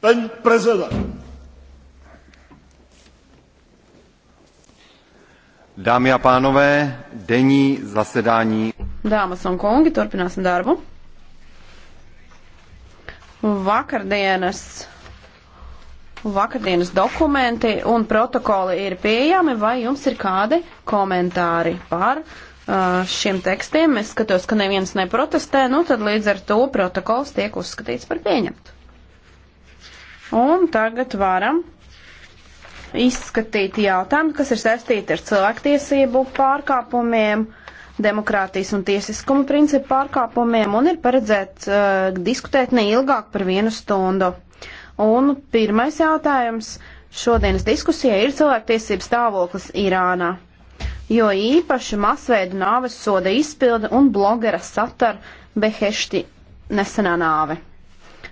Pan prezident. Dámy a pánové, denní zasedání. Dāmas un kungi, turpināsim darbu. Vakardienas, vakardienas dokumenti un protokoli ir pieejami, vai jums ir kādi komentāri par uh, šiem tekstiem? Es skatos, ka neviens neprotestē, nu tad līdz ar to protokols tiek uzskatīts par pieņemtu. Un tagad varam izskatīt jautājumu, kas ir saistīti ar cilvēktiesību pārkāpumiem, demokrātijas un tiesiskuma principu pārkāpumiem, un ir paredzēts uh, diskutēt neilgāk par vienu stundu. Un pirmais jautājums šodienas diskusijai ir cilvēktiesības stāvoklis Irānā, jo īpaši masveida nāves soda izpilda un blogera satara Behešti nesenā nāve.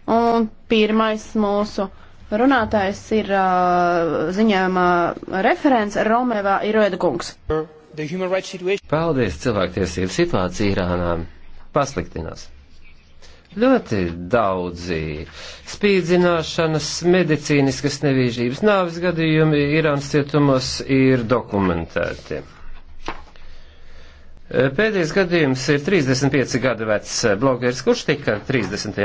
Un pirmais mūsu runātājs ir uh, ziņojumā uh, referents Romeva Iroedkungs. Paldies, cilvēktiesību situācija Irānā pasliktinās. Ļoti daudzi spīdzināšanas, medicīniskas nevīžības, nāvis gadījumi Irānas cietumos ir dokumentēti. Pēdējais gadījums ir 35 gadu vecs blogeris, kurš tika 30.